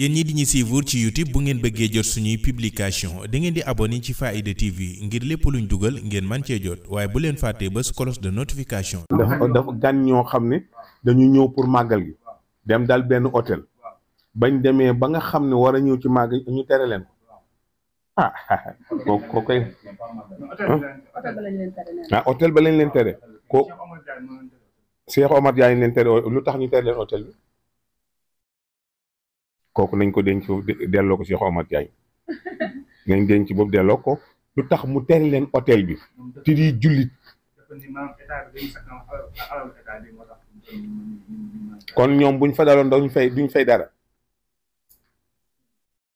yéen ñi di ñu suivre ci youtube bu ngeen bëggee jot suñuy publication da di di abonné ci Faaida TV ngir lépp luñ dugal ngeen man cee jot waaye bu leen fàttee ba cloche de notification. dafa dafa gan ñoo xam ne dañu ñëw pour màggal gi dem dal benn hôtel bañ demee ba nga xam ne war a ñëw ci màgg ñu tere leen ah ko ko koy ah hôtel ba lañ leen tere ko Cheikh Omar Diagne leen tere lu tax ñu tere leen hôtel bi. kooku nañ ko denc delloo ko si Cheikh Omar Diagne nañ denc boobu delloo ko lu tax mu teri leen hôtel bi te di jullit kon ñoom buñ fa daloon duñ fay duñ fay dara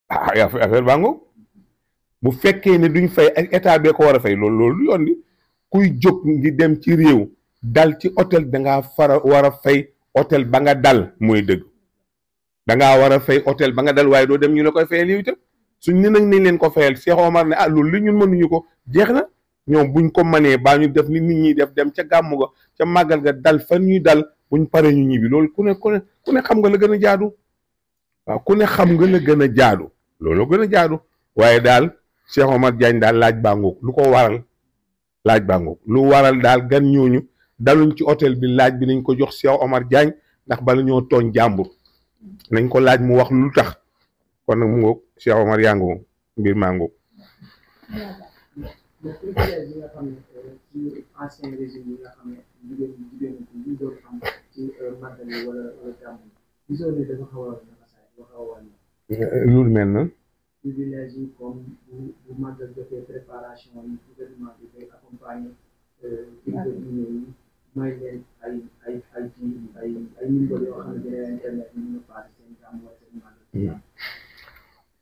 ah affaire bango bu fekkee ne duñ fay ak état bee ko war a fay loolu loolu du di kuy jóg ngi dem ci réew dal ci hôtel danga fara war a fay hôtel ba nga dal mooy dëgg da ngaa a fay hôtel ba nga dal waaye doo dem ñu ne koy fayal yow itam suñ ne nag nañ leen ko fayal Cheikh Omar ne ah loolu li ñun mënuñu ko jeex na ñoom buñ ko mënee baa ñu def ni nit ñi def dem ca gàmmu ga ca màggal ga dal fan ñuy dal buñ paree ñu ñibbi loolu ku ne ku ne ku ne xam nga la gën a jaadu ku ne xam nga la gën a jaadu loolu gën a jaadu waaye daal Cheikh Omar Diagne daal laaj baa ngoog lu ko waral laaj baa ngoog lu waral daal gan ñooñu daluñ ci hôtel bi laaj bi nañ ko jox Cheikh Omar Diagne ndax bala ñoo tooñ jàmbur nañ ko laaj mu wax lu tax kon nag mu ngoog Cheikh Omar yaa ngoog mbir mooy mm.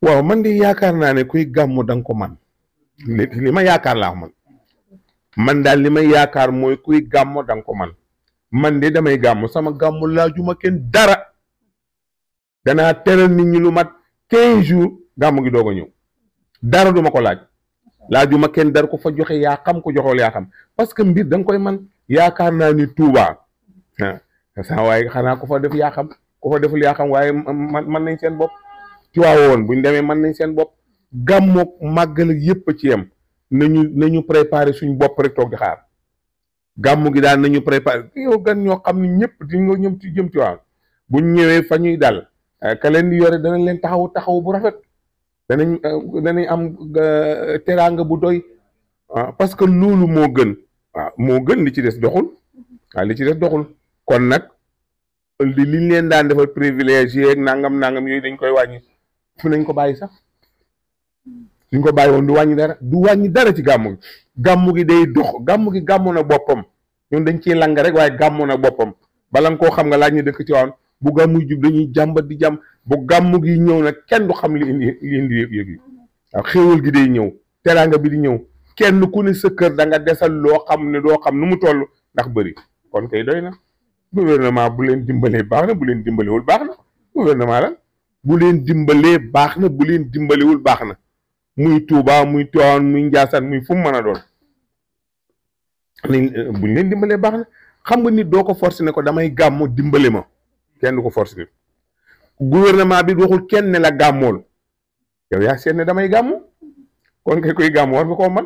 waaw man di yaakaar naa ne kuy gàmmu da ko man li li ma yaakaar laa man man daal li may yaakaar mooy kuy gàmmu da ko man man de damay gàmmu sama gàmmu laajuma kenn dara danaa teral nit ñi lu mat quinze jours gàmmu gi doog a ñëw dara duma ko laaj laajuma kenn dar ko fa joxe yaa xam ko joxool yaa xam parce que mbir da nga koy man yaakaar naa ni Touba ah waaye xanaa ku fa def yaa xam ku fa deful yaa xam waaye man mën nañ seen bopp Tiwaawoon buñ demee mën nañ seen bopp gàmmoog màggal yëpp ci yem nañu nañu préparé suñ bopp rek toog di xaar gàmmu gi daal nañu préparé yow gan ñoo xam ne ñëpp di nga ñëm ci jëm buñ ñëwee fa ñuy dal eh, ka leen di yore danañ leen taxaw taxaw bu rafet danañ eh, danañ am eh, teraanga bu doy ah, parce que loolu moo gën waaw moo gën li ci des doxul waaw li ci des doxul kon nag li liñ leen daan defal privilégié ak nangam nangam yooyu dañ koy wàññi fu nañ ko bàyyi sax suñ ko bàyyi woon du wàññi dara du wàññi dara ci gàmmu gi gàmmu gi day dox gi gàmmu na boppam ñun dañ ciy lang rek waaye gàmmu na boppam bala koo xam nga laaj ñu dëkk ci waan bu gàmmu jub dañuy jàmbat di jàmm bu gàmmu gi ñëw nag kenn du xam li indi li xéewal gi day ñëw teraanga bi di ñëw kenn ku ne sa danga da desal loo xam ne doo xam nu mu toll ndax bëri kon kay doy na gouvernement bu leen dimbalee baax na bu leen dimbalewul baax na gouvernement bu leen dimbalee baax na bu leen dimbalewul baax na muy Touba muy Tivaouane muy Ndiassane muy fu mu mën a doon euh, bu leen dimbalee baax na xam nga nit doo ko forcer ne ko damay gàmmo dimbale ma kenn du ko force nit gouvernement bi waxul kenn ne la gàmmool yow yaa seet ne damay gàmmu kon kay koy gàmmu war nga koo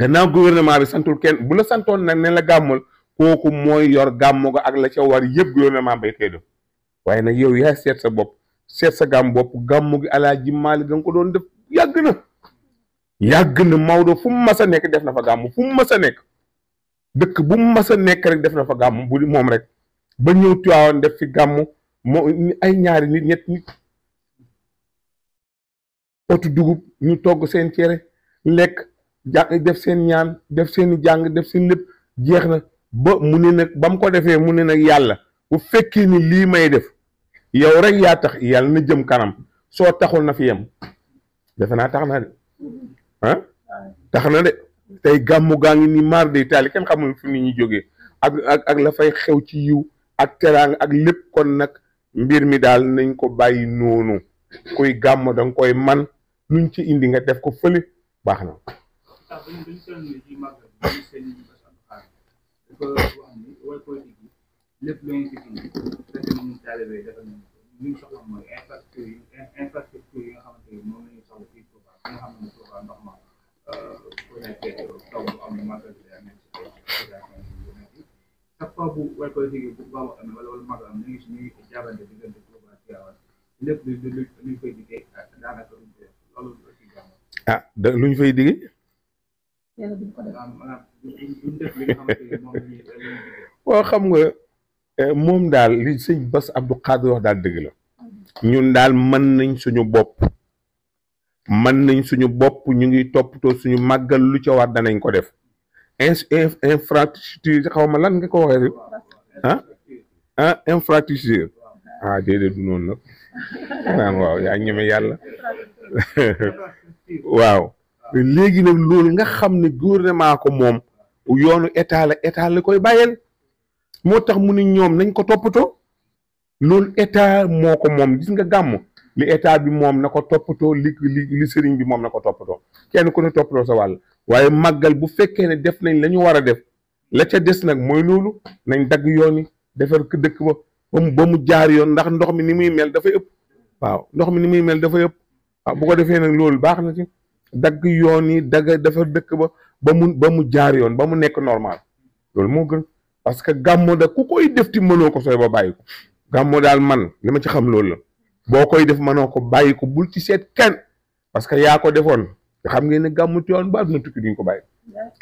gannaaw gouvernement bi santul kenn bu la santoon nag ne la gàmmul kooku mooy yor gàmmu ga ak la ca war yëpp gouvernement bay koy def waaye nag yow yaa seet sa bopp seet sa gàmm bopp gàmmu gi Alaaji Maalik da nga ko doon def yàgg na yàgg na Maodo fu mu mas a nekk def na fa gàmm fu mu mas a nekk dëkk bu mu a nekk rek def na fa gàmm bu moom rek ba ñëw Tiwaawan def fi gàmm moo ay ñaari nit ñett nit otu dugub ñu togg seen cere lekk jàng def seen ñaan def seen jàng def seen lépp jeex na ba mu ne nag ba ko defee mu ne nag yàlla bu fekkee ni lii may def yow rek yaa tax yàlla na jëm kanam soo taxul na fi yem defe naa tax na de ah na de tey gàmmu gaa ngi ni maar day taali kenn xamul fi nit ñu jógee ak ak ak la fay xew ci yiw ak teraanga ak lépp kon nag mbir mi daal nañ ko bàyyi noonu kuy gàmm danga koy man luñ ci indi nga def ko fële baax na tax ba ñun dañu seetlu ne ci màggal bi ñu seen i bés am xaar dafa wax ni way politique yi lépp lu ngeen ci fii fekk na ñun taalibé dafa ñu ñu soxla mooy infrastructure yi infrastructure yi nga xamante ni moom la ñu soxla fii Touba bi nga xam ne Touba ndox ma bu euh, nekkee taw bu am màggal bi daa nekk ci bu nekk chaque fois bu way politique yi bu baax amee wala wala màggal am ñu ngi ñu ngi jaabante diggante Touba Tivaouane lépp lu lu ñu koy diggee daanaka luñ koy loolu ah lu ñu fay diggee waaw xam nga eh, moom daal li sëñ Bass Abdou Khadre wax daal dëgg la ñun daal mën nañ suñu bopp mën nañ suñu bopp ñu ngi toppatoo suñu màggal lu ca war danañ ko def infrastructure xaw ma lan nga ko waxee rek ah ah infrastructure ah déedéet du noonu nag waaw yaa ñeme yàlla waaw léegi nag loolu nga xam ne gouvernement ko moom yoonu état la état la koy bàyyeel moo tax mu ne ñoom nañ ko toppatoo loolu état moo ko moom gis nga gàmm li état bi moom na ko toppatoo li li sëriñ bi moom na ko toppatoo kenn ku ne toppatoo sa wàll waaye màggal bu fekkee ne def nañ la ñu war a def la ca des nag mooy loolu nañ dagg yoon yi defar ko dëkk ba ba mu jaar yoon ndax ndox mi ni muy mel dafay ëpp waaw ndox mi ni muy mel dafay ëpp waaw bu ko defee nag loolu baax na ci. dagg yoon yi dagg dafa dëkk ba ba mu ba mu jaar yoon ba mu nekk normal loolu moo gën parce que gàmmo da ku koy def ti mënoo ko sooy ba bàyyi ko gàmmo daal man li ma ci xam loolu la boo koy def manoo ko bàyyi ko ci seet kenn parce que yaa ko defoon xam ngeen ne gàmmu ci ba adduna tukki duñ ko bàyyi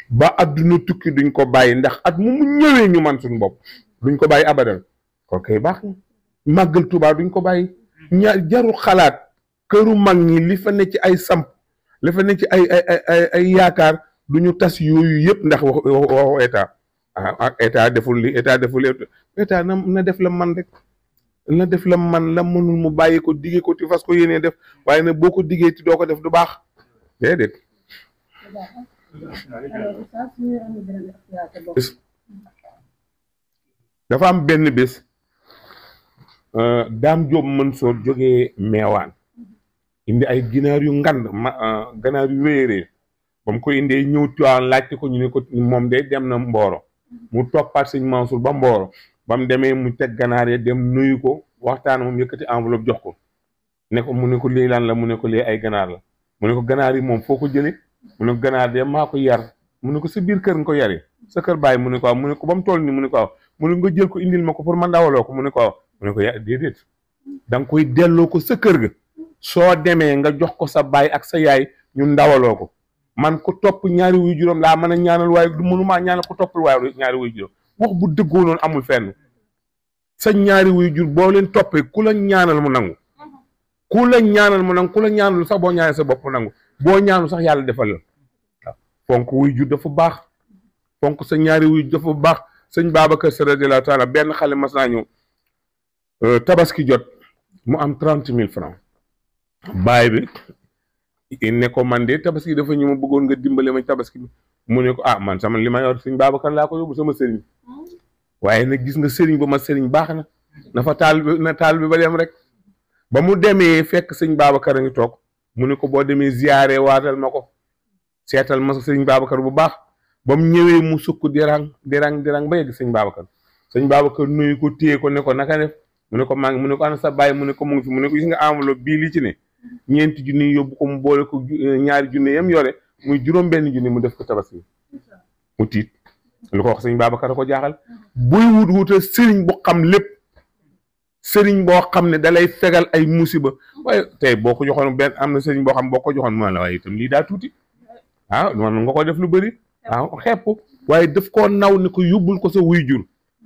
ba adduna tukki duñ ko bàyyi ndax at mu mu ñëwee ñu man suñu bopp duñ ko bàyyi abadan kon kay baax na màggal ko bàyyi ña jaru xalaat këru mag ñi li fa ne ci ay samp la fa nekk ci ay ay yaakaar du ñu tas yooyu yëpp ndax waxu état ah, ah deful li état deful état na na def la man rek na def la man la mënul mu bàyyi ko diggee ci fas ko yéenee def waaye nag boo ko diggee ci doo ko def du baax déedéet. dafa am benn bés. Euh, Dame mën soo jógee meewaan indi ay ginaar yu ngand ma ganaar yu wéeree ba mu indee ñëw Tiwaawan laajte ko ñu ne ko moom de dem na Mboro mu toppaat sëñ Mansour ba Mboro ba mu demee mu teg ganaar ya dem nuyu ko waxtaan moom yëkkati enveloppe jox ko ne ko mu ne ko lii lan la mu ne ko lii ay ganaar la mu ne ko ganaar yi moom foo ko jëlee mu ne ganaar de maa ko yar mu ne ko sa biir kër nga ko yaree sa kër bàyyi mu ne ko waaw mu ne ko ba mu toll nii mu ne ko waaw mu ne jël ko indil ma ko pour man ndawaloo ko mu ne ko waaw ne ko ya déedéet da nga koy delloo ko sa kër ga soo demee nga jox ko sa baay ak sa yaay ñu ndawaloo ko man ku topp ñaari wuy juróom laa mën a ñaanal waaye du mënumaa ñaanal ku toppul waaye ñaari wuy juróom wax bu dëggoo amul fenn sa ñaari wuy jur boo leen toppee ku la ñaanal mu nangu mm-hmm. ku la ñaanal mu nangu ku la ñaanal sax boo ñaanal sa bopp mu nangu boo ñaanul sax yàlla defal la waaw fonk wuy jur dafa baax fonk sa ñaari wuy jur dafa baax sëñ Babacar Sy radiyallaahu taala benn xale mas naa euh, tabaski jot mu am trente mille francs baay bi ne ko man de tabaski dafa ñu ma bëggoon nga dimbale ma tabaski bi mu ne ko ah man sama li ma yor sëñ Babacar laa ko yóbbu sama sëriñ waaye nag gis nga sëriñ ba ma sëriñ baax na fa taal bi na bi ba dem rek ba mu demee fekk sëñ Babacar a ngi toog mu ne ko boo demee ziyaare waatal ma ko seetal ma sëñ Babacar bu baax ba mu ñëwee mu sukk dirang dirang dirang ba yegg sëñ Babacar sëñ Babacar nuyu ko téye ko ne ko naka def mu ne ko maa ngi mu ne ko ana sa baay mu ne ko mu ngi fi mu ne bii li ci ne ñeenti junni yóbbu ko mu boole ko eh, ñaari junni yam yore muy juróom benn junni mu def ko tabaski mu tiit lu ko wax sëñ ka ko jaaxal buy wut wutal sëriñ bu xam lépp sëriñ boo xam ne dalay fegal ay musiba waaye tey boo ko joxoon benn am na sëriñ boo xam boo ko joxoon mu la waaye itam lii daa tuuti ah, ma man nga ko def lu bari waaw ah, xepp waaye def koo naw ni ko yóbbul ko sa wuy jur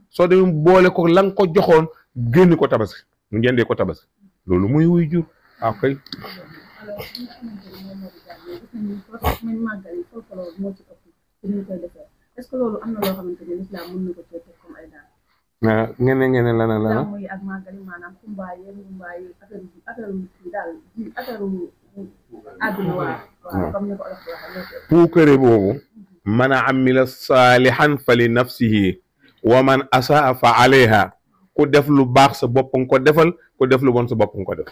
soo demee boole ko la nga ko joxoon génn ko tabaski mu jëndee ko tabaski loolu muy wuy jur waaw ah, kay ngene ah, ngene lana lana puukare boobu man amila saalihan fa li wa man asaa fa aleyha ku def lu baax sa bopp nga ko defal ku def lu bon sa bopp nga ko def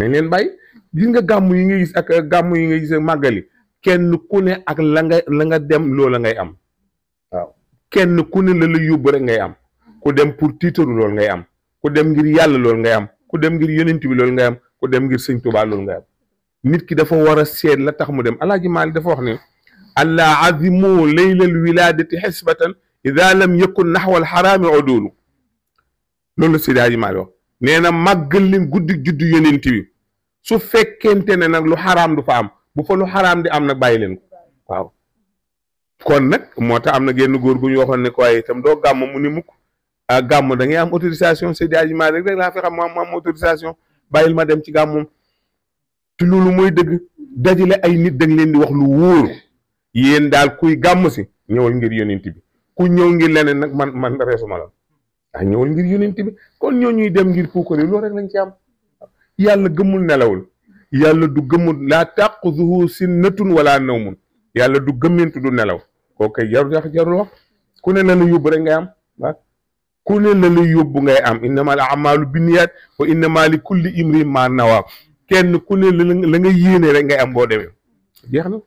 nañ leen bàyyi gis nga gàmm yi nga gis ak euh, gàmm yi nga gis ak màggali kenn ku ne ak la nga la nga dem loola ngay am waaw kenn ku ne la la yóbbu rek ngay am ku dem pour tiitaru loolu ngay am ku dem ngir yàlla lool ngay am ku dem ngir yonent bi loolu ngay am ku dem ngir sëñ Tuubaa loolu ngay am nit ki dafa war a seet la tax mu dem alaaji Maalik dafa wax ne allah azimu laylal wilaadati xisbatan ida lam yakun naxwal xaraami odoolu loolu la Seydi Alaaji Maalik wax nee na màggal leen guddi juddu yonent bi su fekkente ne nag lu xaraam du fa am bu fa lu xaraam di am na bàyyi leen ko waaw kon nag moo tax am na genn góor gu ñu waxoon ne ko waaye itam doo gàmm mu ni mukk a ah, gàmm da ngay am autorisation Seydi Hadji Malick rek laa la xam ma am autorisation bàyyil ma dem ci gàmmum te loolu mooy dëgg dajale ay nit da leen di wax lu wóor yéen daal kuy gàmm si ñëwal ngir yonent bi ku ñëw ngir leneen nag man man reesuma la ah ñëwal ngir yonent bi kon ñoo ñuy dem ngir puukare loolu rek ci am. yàlla gëmul nelawul yàlla du gëmul laa taquzuhu sinnatun wala nawmun yàlla du gëmmintu du nelaw kooku jaru jax jarul wax ku ne la la yóbbu am waaw ku ne la la yóbbu ngay am innama al wa innama li kulli imri ma nawa kenn ku ne la yéene rek ngay am boo demee